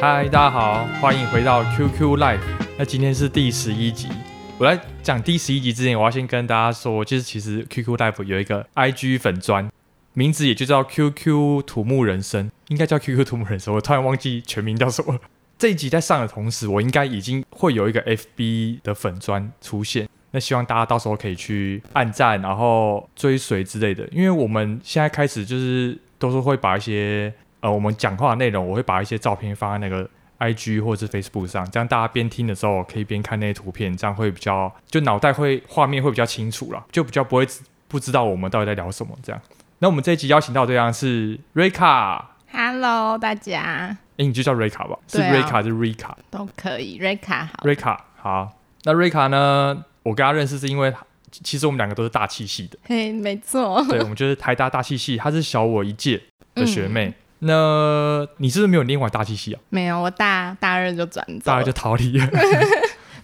嗨，大家好，歡迎回到 QQ Live。那今天是第十一集，我在講第十一集之前，我要先跟大家說，就是其實 QQ Live 有一個 IG 粉專，名字也就叫 QQ 土木人生，應該叫 QQ 土木人生，我突然忘記全名叫什麼。這一集在上的同時，我應該已經會有一個 FB 的粉專出現，那希望大家到時候可以去按讚，然後追隨之類的，因為我們現在開始就是都是會把一些。呃，我們講話的內容，我會把一些照片放在那個 I G 或者是 Facebook 上，這樣大家邊聽的時候可以邊看那些圖片，這樣會比較就腦袋會畫面會比較清楚啦，就比較不會不知道我們到底在聊什麼。這樣，那我們這一集邀請到的對象是瑞卡。Hello，大家。哎、欸，你就叫瑞卡吧，是瑞卡就瑞卡都可以，瑞卡好。瑞卡好。那瑞卡呢？我跟他認識是因為其實我們兩個都是大氣系的。嘿、hey,，沒錯。對，我們就是台大大氣系，她是小我一屆的學妹。嗯那你是不是沒有念完大氣系啊？沒有，我大大二就轉，大二就逃離。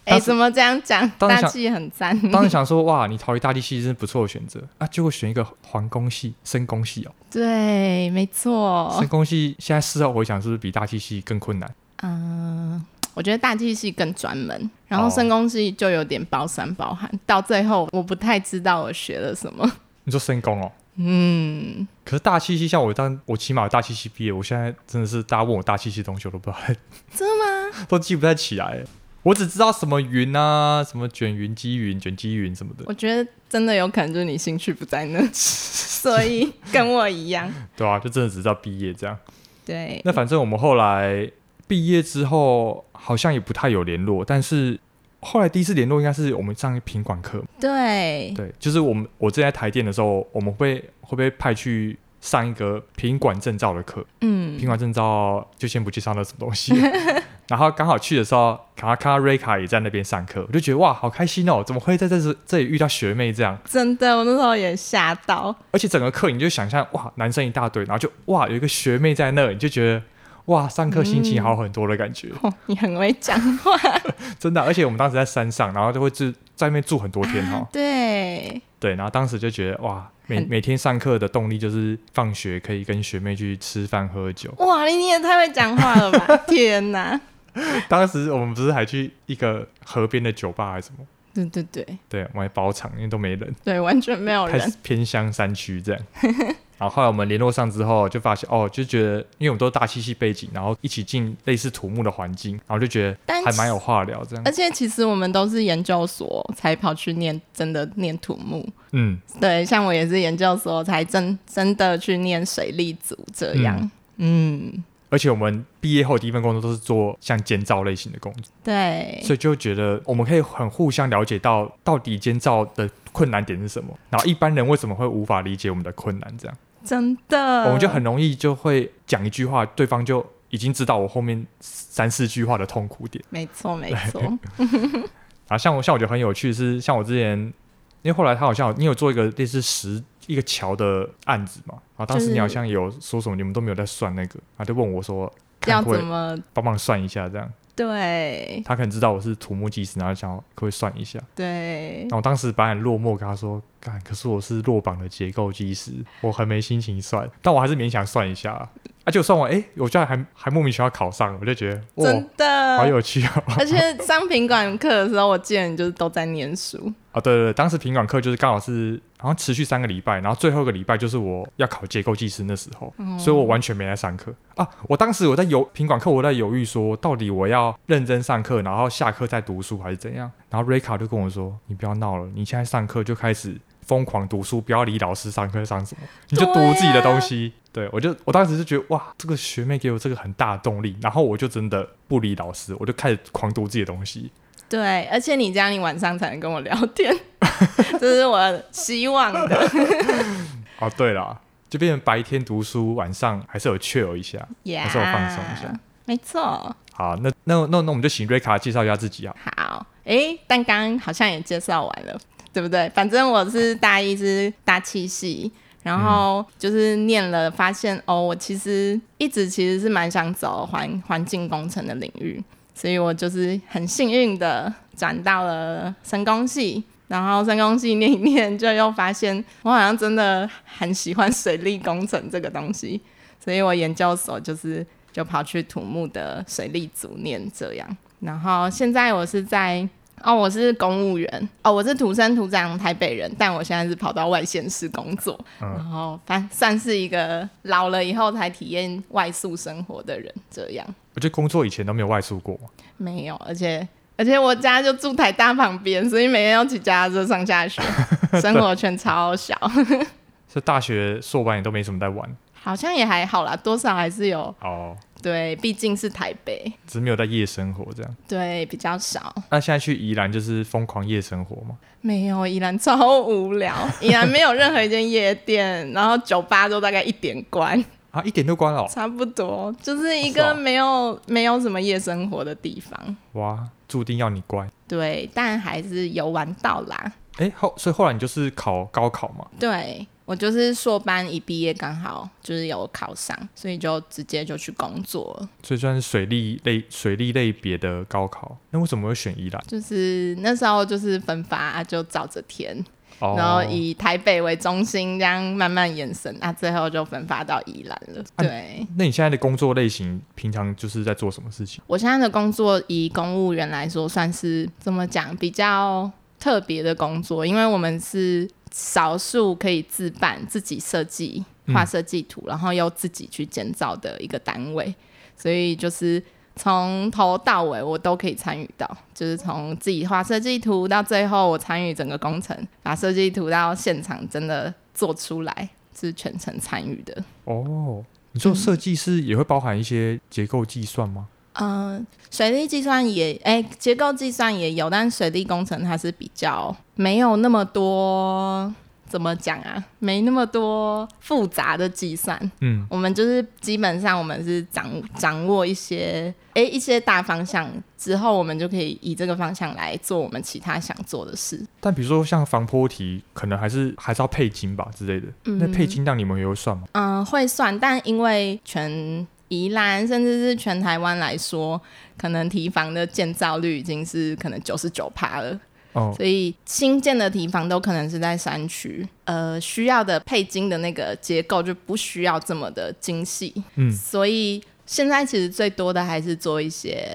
為 什、欸、麼這樣講？大氣很讚。當時想說，哇，你逃離大氣系真是不錯的選擇 啊！就會選一個環工系、深工系哦。對，沒錯。深工系現在事後回想，是不是比大氣系更困難？嗯、呃，我覺得大氣系更專門，然後深工系就有點包山包海、哦，到最後我不太知道我學了什麼。你說深工哦？嗯，可是大氣系，像我，當我起碼有大氣系畢業，我現在真的是大家問我大氣系的東西，我都不知道，真的嗎？都記不太起來了，我只知道什麼雲啊，什麼卷雲、積雲、卷積雲什麼的。我覺得真的有可能就是你興趣不在那， 所以跟我一樣， 對啊，就真的只知道畢業這樣。對，那反正我們後來畢業之後好像也不太有聯絡，但是。後來第一次聯絡應該是我們上一個品管課。對，對，就是我們我正在台電的時候，我們會會不會派去上一個品管證照的課？嗯，品管證照就先不去上那什麼東西。 然後剛好去的時候，看到看到瑞卡也在那邊上課，我就覺得哇，好開心哦！怎麼會在這這裡遇到學妹這樣？真的，我那時候也嚇到。而且整個課，你就想象哇，男生一大堆，然後就哇有一個學妹在那裡，你就覺得。哇，上課心情好很多的感覺。嗯哦、你很會講話。 真的、啊，而且我們當時在山上，然後就會住在外面住很多天哈、啊。對。對，然後當時就覺得哇，每每天上課的動力就是放學可以跟學妹去吃飯喝酒。哇，你你也太會講話了吧！ 天哪、啊。當時我們不是還去一個河邊的酒吧還是什麼？對對對。對，我們還包場，因為都沒人。對，完全沒有人。偏鄉山區這樣。 然後後來我們聯絡上之後，就發現哦，就覺得因為我們都是大氣系背景，然後一起進類似土木的環境，然後就覺得還蠻有話聊這樣。而且其實我們都是研究所才跑去念真的念土木，嗯，對，像我也是研究所才真真的去念水利組這樣嗯，嗯。而且我們畢業後第一份工作都是做像監造類型的工作，對，所以就覺得我們可以很互相了解到到底監造的困難點是什麼，然後一般人為什麼會無法理解我們的困難這樣。真的，我們就很容易就會講一句話，對方就已經知道我後面三四句話的痛苦點。沒錯，沒錯。 啊，像我，像我覺得很有趣是，像我之前，因為後來他好像有，你有做一個類似十一個橋的案子嘛，啊，當時你好像有說什麼，你們都沒有在算那個，啊，就問我說要怎麼幫忙算一下這樣。對，他可能知道我是土木技師，然後想要可，不可以算一下。對，然後我當時把很落寞，跟他說：“幹，可是我是落榜的結構技師，我很沒心情算，但我還是勉強算一下。啊，就算完，哎、欸，我居然還還莫名其妙考上了，我就覺得真的好有趣啊、哦！而且上品管課的時候，我見人就是都在念書。啊、哦、對，對對，當時品管課就是剛好是。”然後持續三個禮拜，然後最後一個禮拜就是我要考結構技師那時候、嗯，所以我完全沒來上課啊！我當時我在有品管課，我在猶豫說到底我要認真上課，然後下課再讀書還是怎樣？然後 RECA 就跟我說：“你不要鬧了，你現在上課就開始瘋狂讀書，不要理老師上課上什麼，你就讀自己的東西。對”對我就我當時就覺得哇，這個學妹給我這個很大的動力，然後我就真的不理老師，我就開始狂讀自己的東西。對，而且你這樣，你晚上才能跟我聊天， 這是我希望的 。哦、 啊，對了，就變成白天讀書，晚上還是有 chill 一下，yeah, 還是有放鬆一下，沒錯。好，那那那,那我們就請 RECA 介紹一下自己啊。好，哎、欸，但剛好像也介紹完了，對不對？反正我是大一是大氣系，然後就是念了，發現、嗯、哦，我其實一直其實是蠻想走環環境工程的領域。所以我就是很幸運的轉到了生工系，然後生工系念一念，就又發現我好像真的很喜歡水利工程這個東西，所以我研究所就是就跑去土木的水利組念這樣，然後現在我是在哦，我是公務員哦，我是土生土長台北人，但我現在是跑到外縣市工作，嗯，然後算算是一個老了以後才體驗外宿生活的人這樣。而且工作以前都沒有外宿過、啊，沒有，而且而且我家就住台大旁邊，所以每天要騎家車上下學，生活圈超小。是 對 大學碩班也都沒什麼在玩，好像也還好啦，多少還是有哦。Oh. 對，畢竟是台北，只是沒有在夜生活這樣，對，比較少。那現在去宜蘭就是瘋狂夜生活嗎？沒有，宜蘭超無聊， 宜蘭沒有任何一間夜店，然後酒吧都大概一點關。啊，一點都乖哦，差不多，就是一個沒有、啊哦、沒有什麼夜生活的地方。哇，注定要你乖。對，但還是有玩到啦。哎、欸，後所以後來你就是考高考嘛？對，我就是碩班一畢業剛好就是有考上，所以就直接就去工作了。所以算是水利類、水利類別的高考。那為什麼會選宜蘭？就是那時候就是分發、啊、就照着填。然後以台北為中心，哦、這樣慢慢延伸，那、啊、最後就分發到宜蘭了。對、啊，那你現在的工作類型，平常就是在做什麼事情？我現在的工作，以公務員來說，算是怎麼講比較特別的工作，因為我們是少數可以自辦、自己設計、畫設計圖，嗯、然後又自己去建造的一個單位，所以就是。從頭到尾我都可以參與到，就是從自己畫設計圖到最後我參與整個工程，把設計圖到現場真的做出來，是全程參與的。哦，你說設計師也會包含一些結構計算嗎？嗯，呃、水利計算也，哎、欸，結構計算也有，但水利工程它是比較沒有那麼多。怎麼講啊？沒那麼多複雜的計算。嗯，我們就是基本上，我們是掌掌握一些哎、欸、一些大方向之後，我們就可以以這個方向來做我們其他想做的事。但比如說像防波堤，可能還是還是要配筋吧之類的。那、嗯、配筋檔你們也會算嗎？嗯、呃，會算，但因為全宜蘭甚至是全台灣來說，可能堤防的建造率已經是可能九十九趴了。Oh. 所以新建的地方都可能是在山區，呃，需要的配筋的那個結構就不需要這麼的精細，嗯。所以現在其實最多的還是做一些，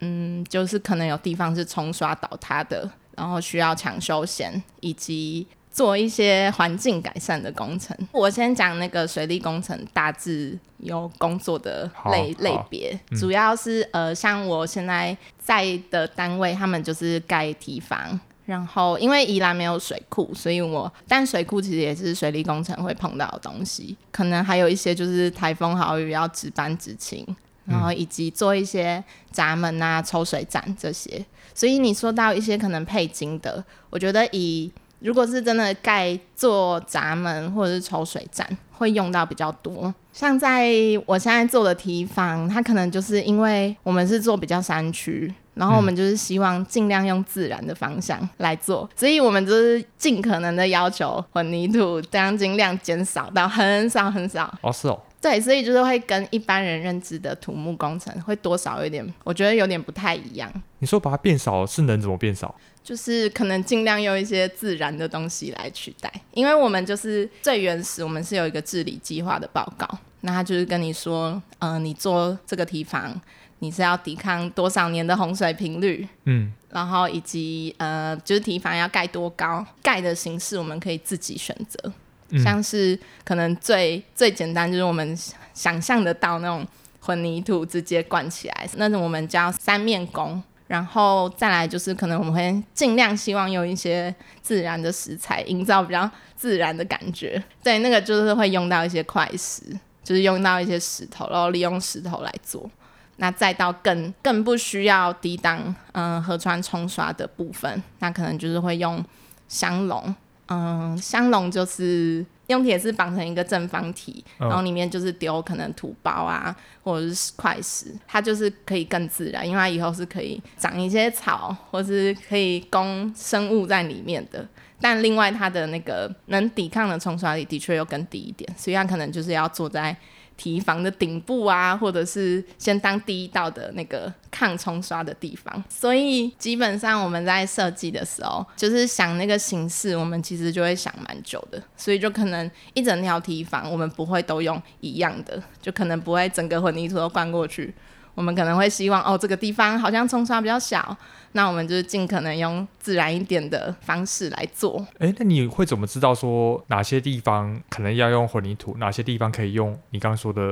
嗯，就是可能有地方是沖刷倒塌的,然後需要搶修險以及。做一些環境改善的工程。我先講那個水利工程大致有工作的類類別，嗯，主要是呃，像我現在在的單位，他們就是蓋堤防，然後因為宜蘭沒有水庫，所以我。但水庫其實也是水利工程會碰到的東西，可能還有一些就是台風豪雨要值班執勤，然後以及做一些閘門啊、抽水站這些，所以你說到一些可能配筋的，我覺得以。如果是真的蓋做閘門或者是抽水站，會用到比較多。像在我現在做的堤防，它可能就是因為我們是做比較山區，然後我們就是希望儘量用自然的方向來做，嗯、所以我們就是盡可能的要求混凝土鋼儘量減少到很少很少。哦，是哦。對，所以就是會跟一般人認知的土木工程會多少有點，我覺得有點不太一樣。你說把它變少是能怎麼變少？就是可能盡量用一些自然的東西來取代，因為我們就是最原始，我們是有一個治理計劃的報告，那他就是跟你說，呃，你做這個堤防，你是要抵抗多少年的洪水頻率？嗯，然後以及呃，就是堤防要蓋多高，蓋的形式我們可以自己選擇。像是可能最最簡單就是我們想象得到那種混凝土直接灌起來那種我們叫三面拱。然後再來就是可能我們會儘量希望用一些自然的石材，營造比較自然的感覺。對，那個就是會用到一些塊石，就是用到一些石頭，然後利用石頭來做。那再到更更不需要抵擋嗯、呃、河川沖刷的部分，那可能就是會用箱籠。嗯，箱籠就是用鐵絲綁成一個正方體，oh. 然後裡面就是丟可能土包啊，或者是塊石，它就是可以更自然，因為它以後是可以長一些草，或者是可以供生物在裡面的。但另外，它的那個能抵抗的沖刷力的確又更低一點，所以它可能就是要坐在。堤防的頂部啊，或者是先當第一道的那個抗沖刷的地方，所以基本上我們在設計的時候，就是想那個形式，我們其實就會想蠻久的，所以就可能一整條堤防，我們不會都用一樣的，就可能不會整個混凝土都灌過去。我們可能會希望哦，這個地方好像沖刷比較小，那我們就是盡可能用自然一點的方式來做。哎，那你會怎麼知道說哪些地方可能要用混凝土，哪些地方可以用你剛剛說的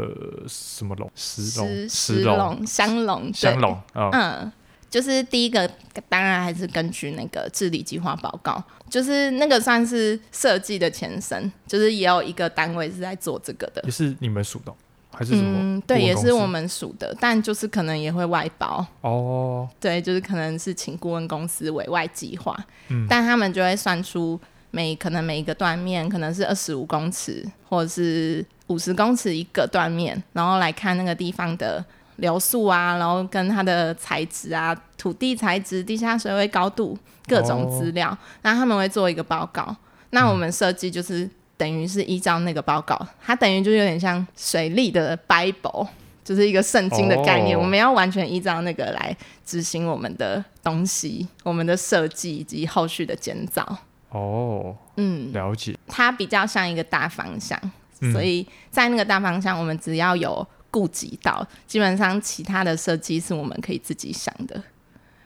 什麼龍？石龍？石，石龍，石龍，香龍，香龍，嗯？嗯，就是第一個，當然還是根據那個治理計劃報告，就是那個算是設計的前身，就是也有一個單位是在做這個的，也是你們署的。還是什麼？嗯，對，也是我們數的，但就是可能也會外包。哦、oh.，對，就是可能是請顧問公司委外計劃。嗯，但他們就會算出每可能每一個斷面可能是二十五公尺或者是五十公尺一個斷面，然後來看那個地方的流速啊，然後跟它的材質啊、土地材質、地下水位高度各種資料，oh. 那他們會做一個報告。那我們設計就是。等於是依照那個報告，它等於就有點像水利的 Bible，就是一個聖經的概念。哦、我們要完全依照那個來執行我們的東西，我們的設計以及後續的建造。哦，嗯，了解。它比較像一個大方向，嗯、所以在那個大方向，我們只要有顧及到，基本上其他的設計是我們可以自己想的。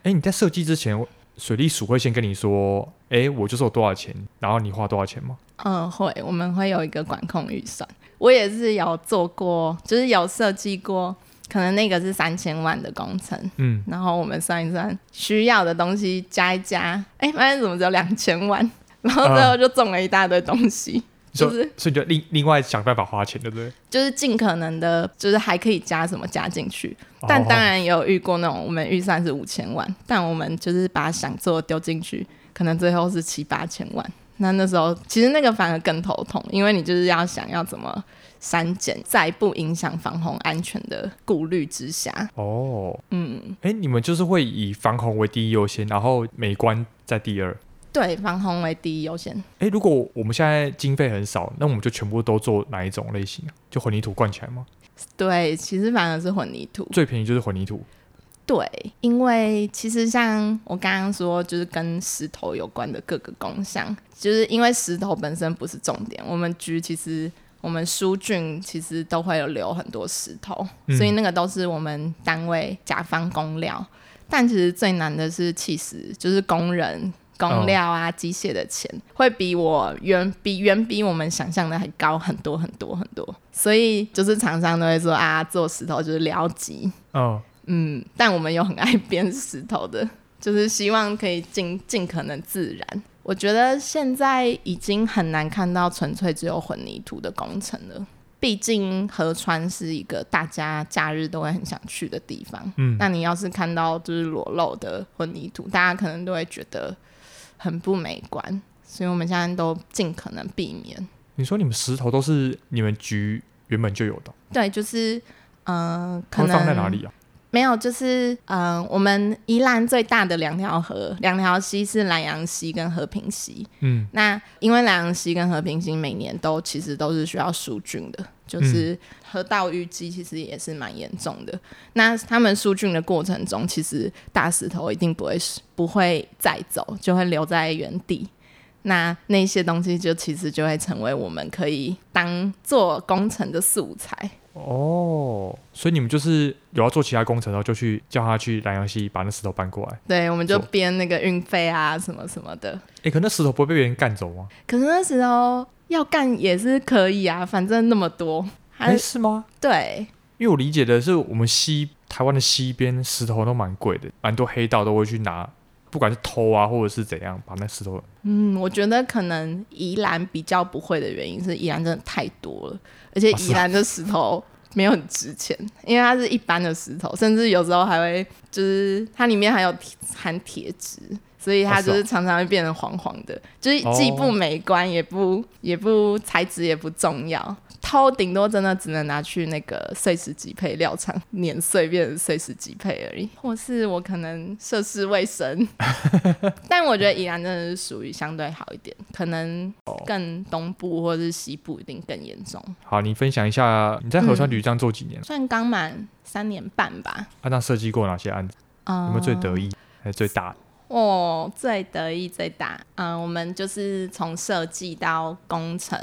哎，你在設計之前，水利署會先跟你說：“哎，我就是有多少錢，然後你花多少錢嗎？”嗯，會，我們會有一個管控預算。我也是有做過，就是有設計過，可能那個是三千萬的工程。嗯，然後我們算一算需要的東西加一加，哎、欸，發現怎麼只有兩千萬，然後最後就中了一大堆東西，是不是？嗯，就是所以就另另外想辦法花錢，對不對？就是盡可能的，就是還可以加什麼加進去，但當然也有遇過那種我們預算是五千萬哦哦，但我們就是把想做的丟進去，可能最後是七八千萬。那那時候其實那個反而更頭痛，因為你就是要想要怎麼刪減，在不影響防洪安全的顧慮之下。哦，嗯，哎、欸，你們就是會以防洪為第一優先，然後美觀在第二。對，防洪為第一優先。哎、欸，如果我們現在經費很少，那我們就全部都做哪一種類型？就混凝土灌起來嗎？對，其實反而是混凝土最便宜，就是混凝土。對，因為其實像我剛剛說，就是跟石頭有關的各個工項，就是因為石頭本身不是重點。我們局其實，我們疏濬其實都會有留很多石頭，嗯，所以那個都是我們單位甲方工料。但其實最難的是砌石，就是工人，工料啊，oh. 機械的錢，會比我遠比遠比我們想象的還高很多很多很多。所以就是廠商都會說啊，做石頭就是僚級嗯，但我們有很愛編石頭的，就是希望可以盡盡可能自然。我覺得現在已經很難看到純粹只有混凝土的工程了，畢竟河川是一個大家假日都會很想去的地方。嗯，那你要是看到就是裸露的混凝土，大家可能都會覺得很不美觀，所以我們現在都盡可能避免。你說你們石頭都是你們局原本就有的？對，就是嗯、呃，可能放在哪裡啊？沒有，就是嗯、呃，我們宜蘭最大的兩條河、兩條溪是蘭陽溪跟和平溪。嗯，那因為蘭陽溪跟和平溪每年都其實都是需要疏浚的，就是河道淤積其實也是蠻嚴重的。嗯、那他們疏浚的過程中，其實大石頭一定不會不會再走，就會留在原地。那那些東西就其實就會成為我們可以當做工程的素材。哦，所以你們就是有要做其他工程，然後就去叫他去蘭陽溪把那石頭搬過來。對，我們就編那個運費啊，什麼什麼的。哎、欸，可那石頭不會被別人幹走嗎？可是那石頭要幹也是可以啊，反正那麼多。還是，、欸、是嗎？對，因為我理解的是，我們西台灣的西邊石頭都蠻貴的，蠻多黑道都會去拿。不管是偷啊，或者是怎樣，把那石頭……嗯，我覺得可能宜蘭比較不會的原因是宜蘭真的太多了，而且宜蘭的石頭沒有很值錢啊啊，因為它是一般的石頭，甚至有時候還會就是它裡面還有含鐵質。所以它就是常常會變成黃黃的，哦是哦、就是既不美觀，哦、也不也不材質也不重要。偷頂多真的只能拿去那個碎石級配料廠碾碎，年變成碎石級配而已。或是我可能涉世未深。 但我覺得宜蘭真的是屬於相對好一點，可能更東部或是西部一定更嚴重，哦。好，你分享一下你在河川，嗯、局這做幾年？算剛滿三年半吧。啊，那設計過哪些案子，嗯？有沒有最得意，還最大的？我、哦、最得意最大，嗯、呃，我們就是從設計到工程，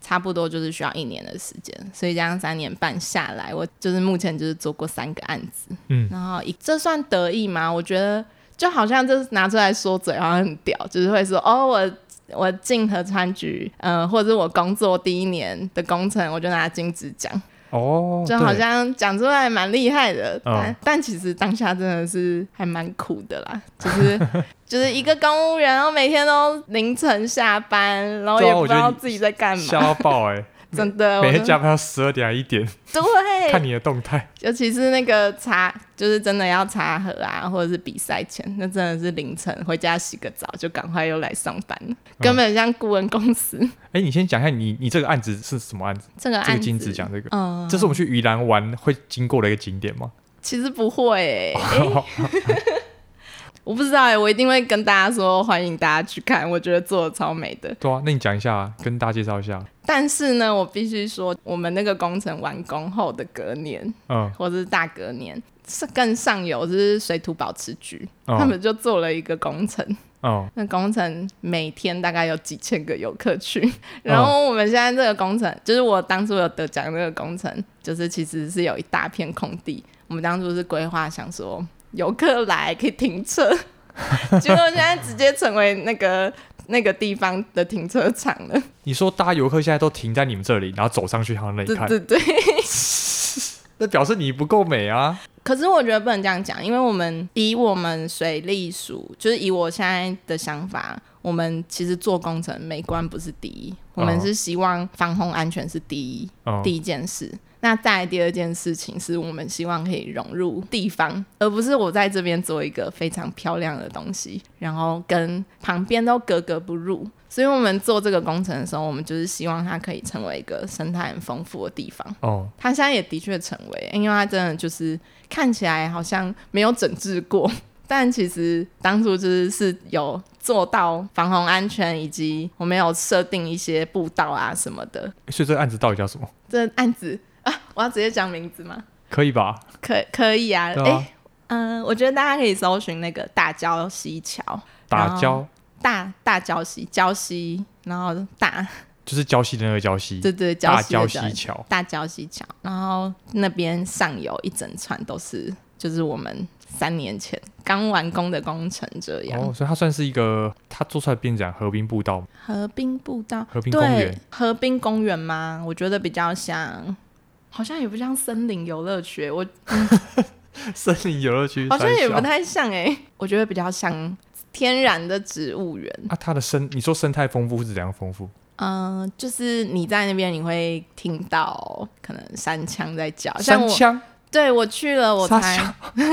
差不多就是需要一年的時間，所以這樣三年半下來，我就是目前就是做過三個案子，嗯，然後一這算得意嗎？我覺得就好像就是拿出來說嘴，好像很屌，就是會說哦，我我進河川局，嗯、呃，或者是我工作第一年的工程，我就拿金質獎。哦、oh，就好像講出來蠻厲害的，哦、但但其實當下真的是還蠻苦的啦， 就是就是一個公務員，然後每天都凌晨下班，然後也不知道自己在幹嘛。 真的，每天加班到十二點一點，對， 看你的動態，尤其是那個查，就是真的要查核啊，或者是比賽前，那真的是凌晨回家洗個澡，就趕快又來上班、嗯，根本像顧問公司。哎、欸，你先講一下你，你你這個案子是什麼案子？這個案子，這個、金子講這個。嗯，這是我們去宜蘭玩會經過的一個景點嗎？其實不會、欸。 我不知道哎、欸，我一定會跟大家說，歡迎大家去看，我覺得做的超美的。對啊，那你講一下啊，跟大家介紹一下。但是呢，我必須說，我們那個工程完工後的隔年，嗯、哦，或者是大隔年，更上游就是水土保持局、哦，他們就做了一個工程。哦。那工程每天大概有幾千個遊客去、哦，然後我們現在這個工程，就是我當初有得獎這個工程，就是其實是有一大片空地，我們當初是規劃想說。遊客來可以停車， 結果我現在直接成為那個 那個地方的停車場了。你說，大家遊客現在都停在你們這裡，然後走上去他那裡看，對對對， 那表示你不夠美啊。可是我覺得不能這樣講，因為我們以我們水利署，就是以我現在的想法，我們其實做工程美觀不是第一，我們是希望防洪安全是第一，哦、第一件事。那再來第二件事情，是我們希望可以融入地方，而不是我在這邊做一個非常漂亮的東西，然後跟旁邊都格格不入。所以，我們做這個工程的時候，我們就是希望它可以成為一個生態很豐富的地方。哦，它現在也的確成為，因為它真的就是看起來好像沒有整治過，但其實當初就是是有做到防洪安全，以及我們有設定一些步道啊什麼的。所以，這個案子到底叫什麼？這案子。啊，我要直接講名字嗎？可以吧？可以可以啊。嗯、啊欸呃，我覺得大家可以搜尋那個大礁溪橋。大礁，大大礁溪，礁溪，然後大，就是礁溪的那個礁溪。對對，對礁溪礁，大礁溪橋，大礁溪橋。然後那邊上游一整串都是，就是我們三年前剛完工的工程，這樣、哦。所以它算是一個，它做出來邊講河濱步道，河濱步道，河濱公園，河濱公園嗎？我覺得比較像。好像也不像森林遊樂區，我 森林遊樂區好像也不太像哎，、欸，我覺得比較像天然的植物園啊。它的生，你說生態豐富是怎樣豐富？嗯、呃，就是你在那邊你會聽到可能山羌在叫，像我，山羌對我去了我，我猜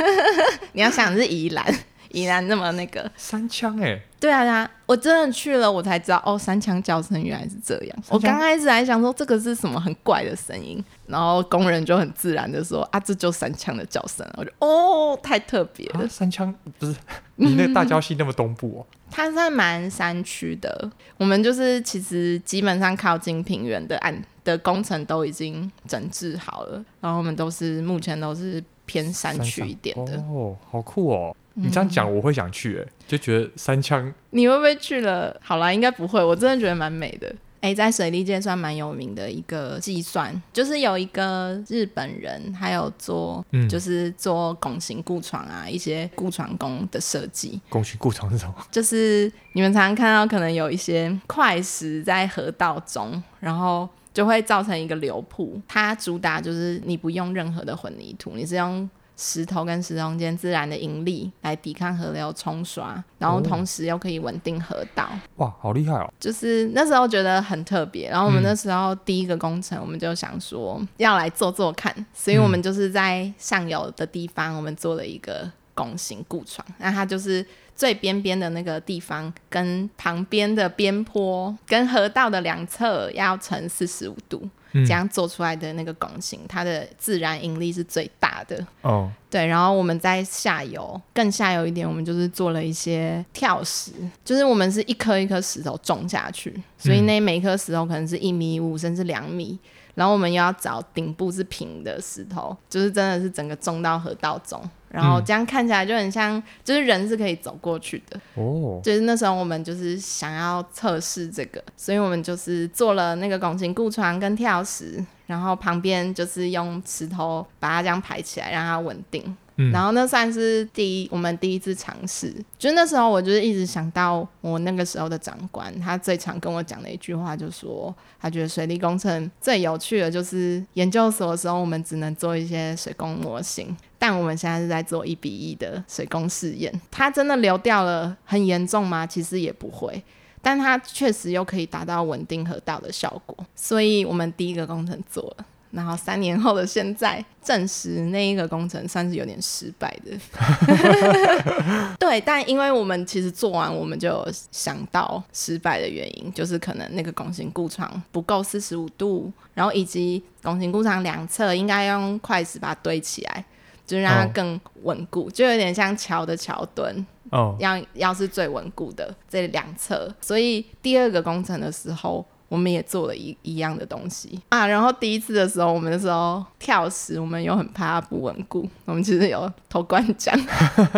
你要想是宜蘭。宜蘭那麼那個三槍哎、欸，對啊對啊，我真的去了，我才知道哦，三槍叫聲原來是這樣。我剛開始還想說這個是什麼很怪的聲音，然後工人就很自然的說啊，這就三槍的叫聲。我就哦，太特別了。啊、三槍不是你那個大礁溪那麼東部哦，嗯、它算蠻山區的。我們就是其實基本上靠近平原的岸的工程都已經整治好了，然後我們都是目前都是偏山區一點的。哦，好酷哦。你這樣講我會想去哎、欸嗯，就覺得三槍，你會不會去了？好啦，應該不會。我真的覺得蠻美的。哎、欸，在水利界算蠻有名的一個計算，就是有一個日本人，還有做、嗯、就是做拱形固床啊，一些固床工的設計。拱形固床是什麼？就是你們常常看到，可能有一些塊石在河道中，然後就會造成一個流瀑。它主打就是你不用任何的混凝土，你是用。石頭跟石頭間自然的引力來抵抗河流沖刷，然後同時又可以穩定河道。哦、哇，好厲害哦！就是那時候覺得很特別，然後我們那時候第一個工程，我們就想說要來做做看、嗯，所以我們就是在上游的地方，我們做了一個拱形固床、嗯。那它就是最邊邊的那個地方，跟旁邊的邊坡跟河道的兩側要呈四十五度。這樣做出來的那個拱形，嗯，它的自然引力是最大的。哦，對，然後我們在下游更下游一點，我們就是做了一些跳石，就是我們是一顆一顆石頭種下去，所以那每顆石頭可能是一米五甚至兩米，嗯，然後我們又要找頂部是平的石頭，就是真的是整個種到河道中。然後這樣看起來就很像，就是人是可以走過去的。哦，就是那時候我們就是想要測試這個，所以我們就是做了那個拱形固床跟跳石，然後旁邊就是用石頭把它這樣排起來，讓它穩定。然後那算是第一，我們第一次嘗試。就那時候，我就是一直想到我那個時候的長官，他最常跟我講的一句話，就說他覺得水利工程最有趣的，就是研究所的時候，我們只能做一些水工模型。但我們現在是在做一比一的水工試驗，它真的流掉了很嚴重嗎？其實也不會，但它確實又可以達到穩定河道的效果。所以我們第一個工程做了，然後三年後的現在證實那一個工程算是有點失敗的。 對，但因為我們其實做完，我們就有想到失敗的原因，就是可能那個拱形固床不夠四十五度，然後以及拱形固床兩側應該用塊石把它堆起來。就讓它更穩固、哦，就有點像橋的橋墩、哦，要要是最穩固的這兩側。所以第二個工程的時候，我們也做了一一樣的東西啊。然後第一次的時候，我們的時候跳石，我們又很怕它不穩固，我們其實有偷灌漿。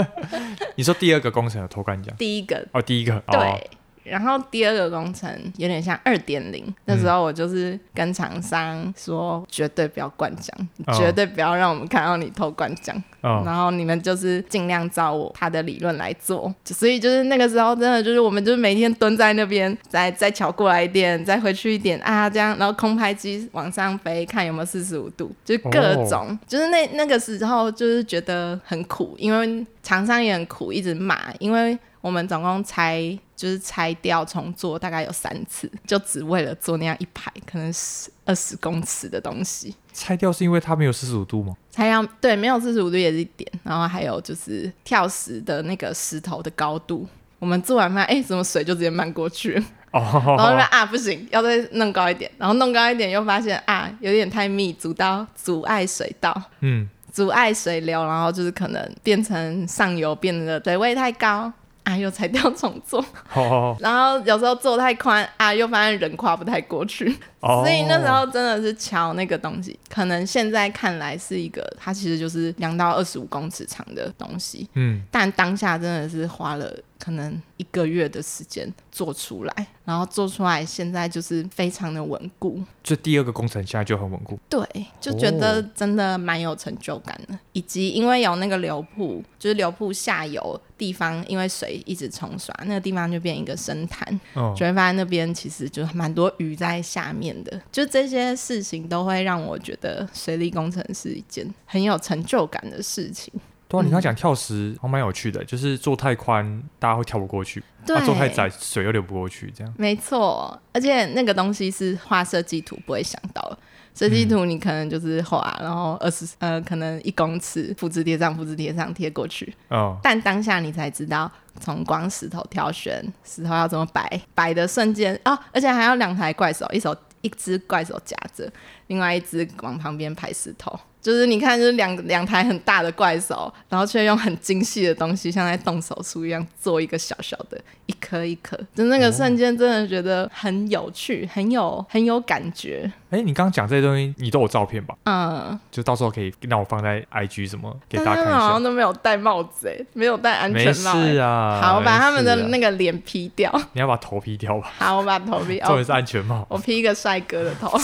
你說第二個工程有偷灌漿， 第一個哦，第一個對。對然後第二個工程有點像二點零，那時候我就是跟廠商說、嗯、絕對不要灌漿、哦，絕對不要讓我們看到你偷灌漿、哦。然後你們就是盡量照我他的理論來做。就所以就是那個時候真的就是我們就是每天蹲在那邊，再再喬過來一點，再回去一點啊這樣，然後空拍機往上飛，看有沒有四十五度，就各種，哦、就是那那個時候就是覺得很苦，因為廠商也很苦，一直罵，因為。我們總共拆就是拆掉重做，大概有三次，就只為了做那樣一排，可能十二十公尺的東西。拆掉是因為它沒有四十五度嗎？拆掉對，沒有四十五度也是一點。然後還有就是跳石的那個石頭的高度，我們做完飯哎，怎麼水就直接漫過去了？哦、oh.，然後那邊啊不行，要再弄高一點。然後弄高一點又發現啊有點太密，阻到阻礙水道，嗯，阻礙水流，然後就是可能變成上游變得水位太高。啊、哎，又裁掉重做。Oh, oh, oh. 然後有時候做太寬，啊，又發現人跨不太過去。所以那時候真的是敲那個東西，可能現在看來是一個，它其實就是兩到二十五公尺長的東西。嗯，但當下真的是花了可能一個月的時間做出來，然後做出來現在就是非常的穩固。就第二個工程現在就很穩固。對，就覺得真的蠻有成就感的、哦。以及因為有那個流瀑，就是流瀑下游地方，因為水一直沖刷，那個地方就變成一個深潭、哦，就會發現那邊其實就蠻多魚在下面。就這些事情都會讓我覺得水利工程是一件很有成就感的事情。對啊，嗯、你剛講跳石，還、哦、蠻有趣的，就是做太寬，大家會跳不過去，做太窄，水又流不過去，這樣。沒錯，而且那個東西是畫設計圖不會想到的，設計圖你可能就是畫、嗯，然後二十呃，可能一公尺，複製貼上，複製貼上，貼過去。哦。但當下你才知道，從光石頭挑選石頭要怎麼擺，擺的瞬間啊、哦，而且還要兩台怪手，一手。一隻怪手夾着，另外一隻往旁邊排石頭。就是你看，就是兩兩台很大的怪手，然後卻用很精細的東西，像在動手術一樣做一個小小的，一顆一顆。就那個瞬間，真的覺得很有趣，很有很有感覺。哎、哦，你剛剛講這些東西，你都有照片吧？嗯，就到時候可以讓我放在 I G 什麼，給大家看一下，他們好像都沒有戴帽子，哎，沒有戴安全帽。是啊。好，我把他們的那個臉 P 掉。啊、 你要把頭 P 掉吧。 好，我把頭 P 掉。重、oh, 點 是安全帽。我 P 一個帥哥的頭。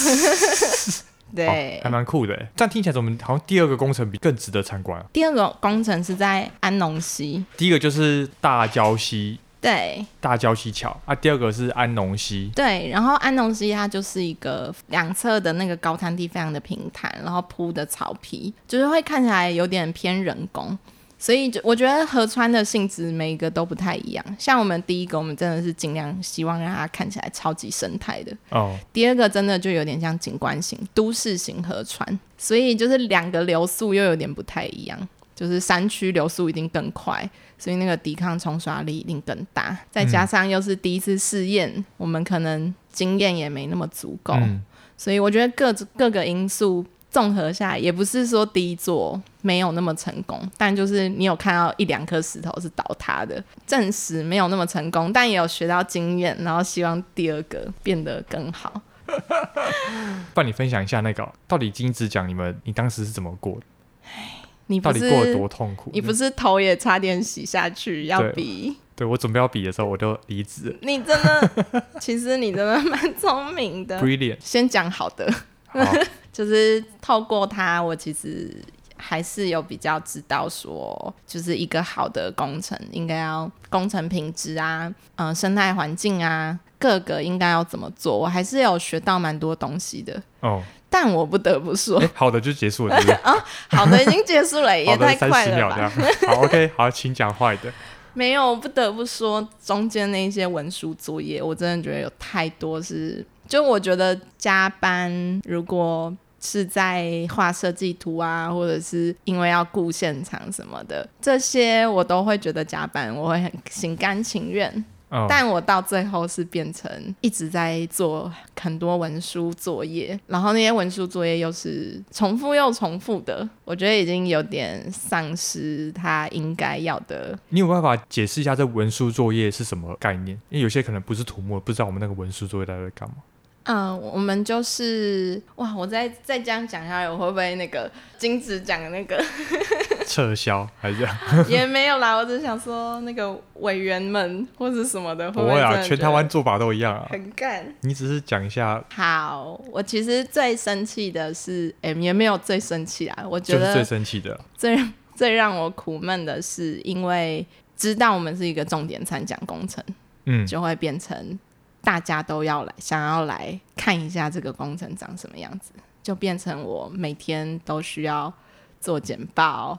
對，哦、還蠻酷的。這樣聽起來，怎麼好像第二個工程比更值得參觀啊。第二個工程是在安農溪，第一個就是大礁溪，對，大礁溪橋啊。第二個是安農溪，對。然後安農溪它就是一個兩側的那個高灘地，非常的平坦，然後鋪的草皮，就是會看起來有點偏人工。所以就，就我覺得河川的性質每一個都不太一樣。像我們第一個，我們真的是盡量希望讓它看起來超級生態的。哦、oh。第二個真的就有點像景觀型、都市型河川，所以就是兩個流速又有點不太一樣。就是山區流速一定更快，所以那個抵抗沖刷力一定更大。再加上又是第一次試驗、嗯，我們可能經驗也沒那麼足夠、嗯，所以我覺得各各個因素。綜合下來，也不是說第一座沒有那麼成功，但就是你有看到一兩顆石頭是倒塌的，證實沒有那麼成功，但也有學到經驗，然後希望第二個變得更好。幫 你分享一下那個到底金質獎你們你當時是怎麼過的？你不是到底過得多痛苦？你不是頭也差點洗下去？要比？對,對我準備要比的時候我就離職。你真的， 其實你真的蠻聰明的。Brilliant。先講好的。好就是透過它，我其實還是有比較知道說，就是一個好的工程應該要工程品質啊，嗯、呃，生態環境啊，各個應該要怎麼做，我還是有學到蠻多東西的。哦，但我不得不說，欸、好的就結束了是不是？啊、 哦，好的已經結束了， 也太快了。好的，三十秒這樣。好，OK，好，請講壞的。 沒有，我不得不說，中間那些文書作業，我真的覺得有太多是。就我覺得加班，如果是在畫設計圖啊，或者是因為要顧現場什麼的，這些我都會覺得加班，我會很心甘情願，哦。但我到最後是變成一直在做很多文書作業，然後那些文書作業又是重複又重複的，我覺得已經有點喪失它應該要的。你有辦法解釋一下這文書作業是什麼概念？因為有些可能不是土木，不知道我們那個文書作業大家在幹嘛。嗯、呃，我們就是哇！我再再這樣講下來，我會不會那個金質獎那個 撤銷？還是 也沒有啦，我只是想說那個委員們或是什麼的。我呀會不會啊，全台灣做法都一樣啊，很幹。你只是講一下。好，我其實最生氣的是，誒、欸，也沒有最生氣啊。我覺得最，、就是、最生氣的，最最讓我苦悶的是，因為知道我們是一個重點參獎工程，嗯，就會變成。大家都要來，想要來看一下這個工程長什麼樣子，就變成我每天都需要做簡報、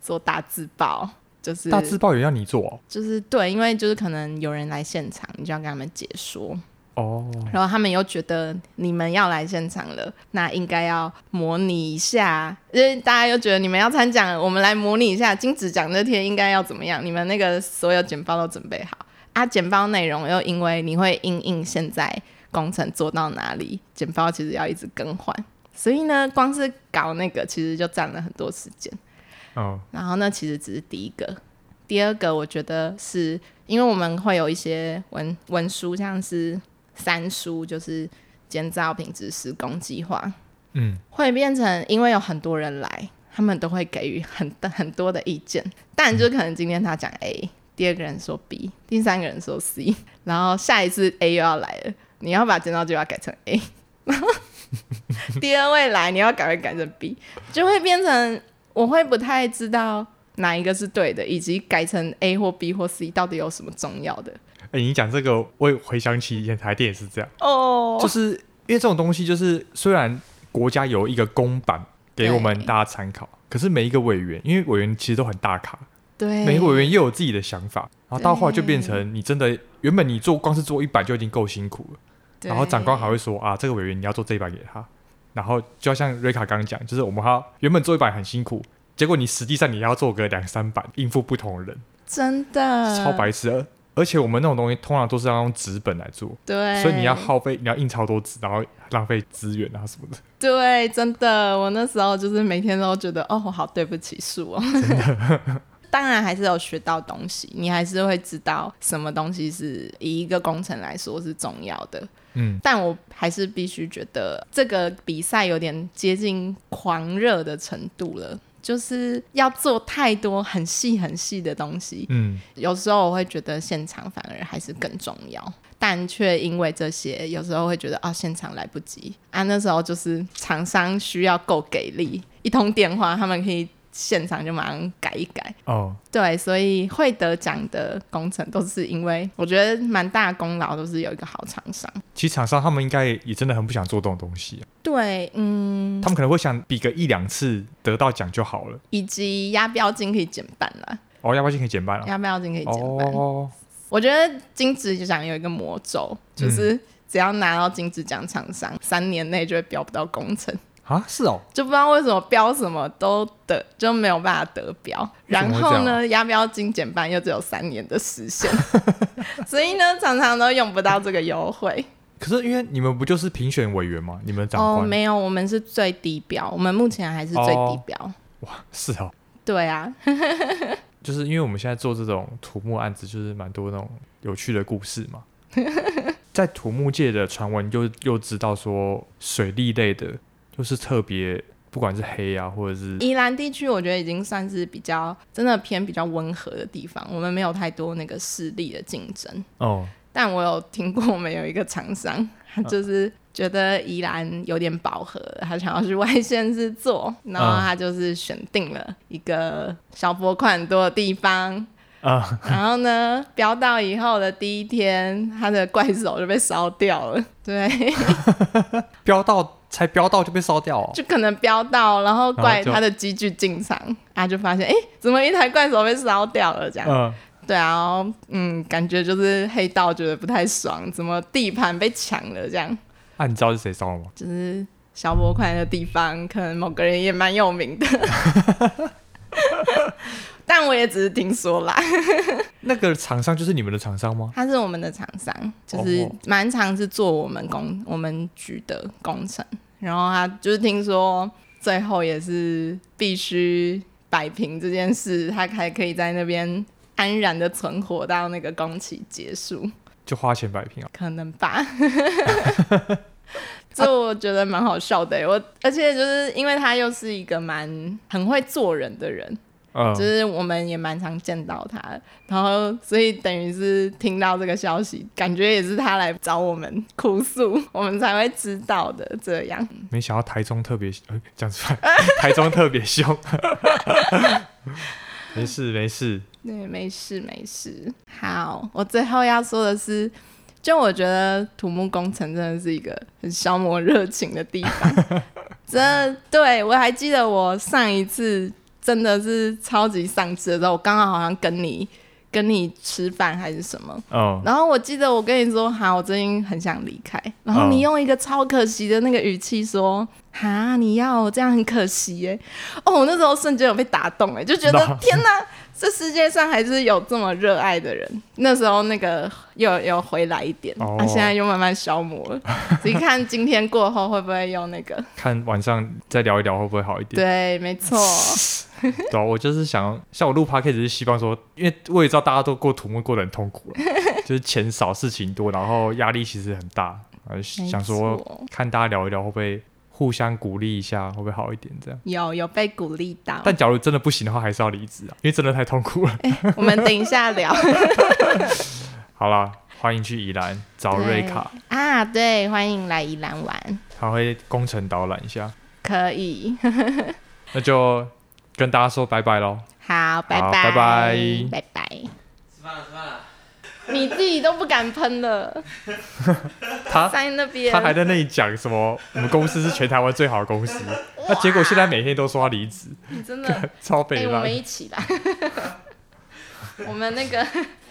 做大字報，就是大字報也要你做、哦，就是對，因為就是可能有人來現場，你就要跟他們解說哦。Oh. 然後他們又覺得你們要來現場了，那應該要模擬一下，因為大家又覺得你們要參獎，我們來模擬一下金質獎那天應該要怎麼樣。你們那個所有簡報都準備好。啊，簡報內容又因為你會因應現在工程做到哪裡，簡報其實要一直更換，所以呢，光是搞那個其實就占了很多時間。哦、oh.，然後呢，其實只是第一個，第二個我覺得是因為我們會有一些文文書，像是三書，就是監造品質施工計劃，嗯，會變成因為有很多人來，他們都會給予很很多的意見，但就可能今天他講 A。嗯欸第二個人說 B，第三個人說 C，然後下一次 A 又要來了，你要把剪刀就要改成 A。 第二位來，你要改為改成 B，就會變成我會不太知道哪一個是對的，以及改成 A 或 B 或 C 到底有什麼重要的。哎、欸，你講這個，我也回想起以前台電也是這樣。哦、oh.，就是因為這種東西，就是雖然國家有一個公版給我們大家參考，可是每一個委員，因為委員其實都很大咖。對，每個委員又有自己的想法，然後到後來就變成你真的原本你做，光是做一版就已經夠辛苦了，然後長官還會說啊，這個委員你要做這一版給他，然後就要像瑞卡剛剛講，就是我們要原本做一版很辛苦，結果你實際上你要做個兩三版應付不同的人，真的超白痴，而且我們那種東西通常都是要用紙本來做，對，所以你要耗費，你要印超多紙，然後浪費資源啊什麼的，對，真的，我那時候就是每天都覺得哦，我好對不起樹哦，真的。 當然還是有學到東西，你還是會知道什麼東西是以一個工程來說是重要的。嗯，但我還是必須覺得這個比賽有點接近狂熱的程度了，就是要做太多很細很細的東西。嗯，有時候我會覺得現場反而還是更重要，但卻因為這些，有時候會覺得啊，現場來不及啊，那時候就是廠商需要夠給力，一通電話他們可以，現場就馬上改一改哦，oh. 對，所以會得獎的工程都是因為我覺得蠻大功勞都是有一個好廠商。其實廠商他們應該也真的很不想做這種東西啊。對，嗯，他們可能會想比個一兩次得到獎就好了，以及押標金可以減半了。哦，押標金可以減半了、啊，押標金可以減半。哦，oh. 我覺得金質獎有一個魔咒，就是只要拿到金質獎，廠、嗯、商三年內就會標不到工程。啊，是哦，就不知道為什麼標什麼都得就沒有辦法得標、啊，然後呢，押標金減半又只有三年的時限， 所以呢，常常都用不到這個優惠。可是因為你們不就是評選委員嗎？你們長官、哦、沒有，我們是最低標，我們目前還是最低標、哦。哇，是哦。對啊，就是因為我們現在做這種土木案子，就是蠻多那種有趣的故事嘛， 在土木界的傳聞又又知道說水利類的。就是特別，不管是黑啊或者是宜蘭地區，我覺得已經算是比較真的偏比較溫和的地方。我們沒有太多那個勢力的競爭哦。但我有聽過，我們有一個廠商，他就是覺得宜蘭有點飽和，他想要去外縣市去做，然後他就是選定了一個小波款多的地方。嗯、然後呢，標到以後的第一天，他的怪手就被燒掉了。對，標 到才標到就被燒掉哦，就可能標到，然後怪他的機具進場，然後啊，就發現哎，怎麼一台怪手被燒掉了這樣？嗯、對啊，嗯，感覺就是黑道覺得不太爽，怎麼地盤被搶了這樣？那、啊、你知道是誰燒了嗎？就是小波塊的地方，可能某個人也蠻有名的。 但我也只是聽說啦。 那個廠商就是你們的廠商嗎？他是我們的廠商，就是蠻常是做我們工 oh, oh. 我們局的工程。然後他就是聽說最後也是必須擺平這件事，他才可以在那邊安然的存活到那個工期結束。就花錢擺平啊？可能吧。 這我覺得蠻好笑的欸。我而且就是因為他又是一個蠻很會做人的人。嗯、就是我們也蠻常見到他，然後所以等於是聽到這個消息，感覺也是他來找我們哭訴，我們才會知道的這樣。沒想到台中特別、呃、講出來， 台中特別兇。 沒事沒事，對，沒事沒事。好，我最後要說的是，就我覺得土木工程真的是一個很消磨熱情的地方。 真的，對，我還記得我上一次。真的是超級上次的時候，我剛剛好，好像跟你跟你吃飯還是什麼，哦、oh.。然後我記得我跟你說，哈，我最近很想離開。然後你用一個超可惜的那個語氣說，oh. 哈，你要我這樣很可惜哎。哦，那時候瞬間有被打動哎，就覺得 天哪，這世界上還是有這麼熱愛的人。那時候那個又又回來一點，他、oh. 啊、現在又慢慢消磨了。你看今天過後會不會用那個？ 看晚上再聊一聊會不會好一點？對，沒錯。 對、啊、我就是想，像我錄 podcast 只是希望說，因為我也知道大家都過土木過得很痛苦了， 就是錢少事情多，然後壓力其實很大， 想說看大家聊一聊，會不會互相鼓勵一下，會不會好一點？這樣有有被鼓勵到，但假如真的不行的話，還是要離職啊，因為真的太痛苦了。欸、 我們等一下聊。 好了，歡迎去宜蘭找瑞卡啊，對，歡迎來宜蘭玩，他會工程導覽一下，可以， 那就。跟大家說拜拜嘍！好，拜拜拜拜，拜拜，吃飯了吃飯了，你自己都不敢噴了 他。他在那邊，他還在那裡講什麼？我們公司是全台灣最好的公司。那、啊、結果現在每天都說他離職，你真的 超悲了、欸。我們一起來， 我們那個。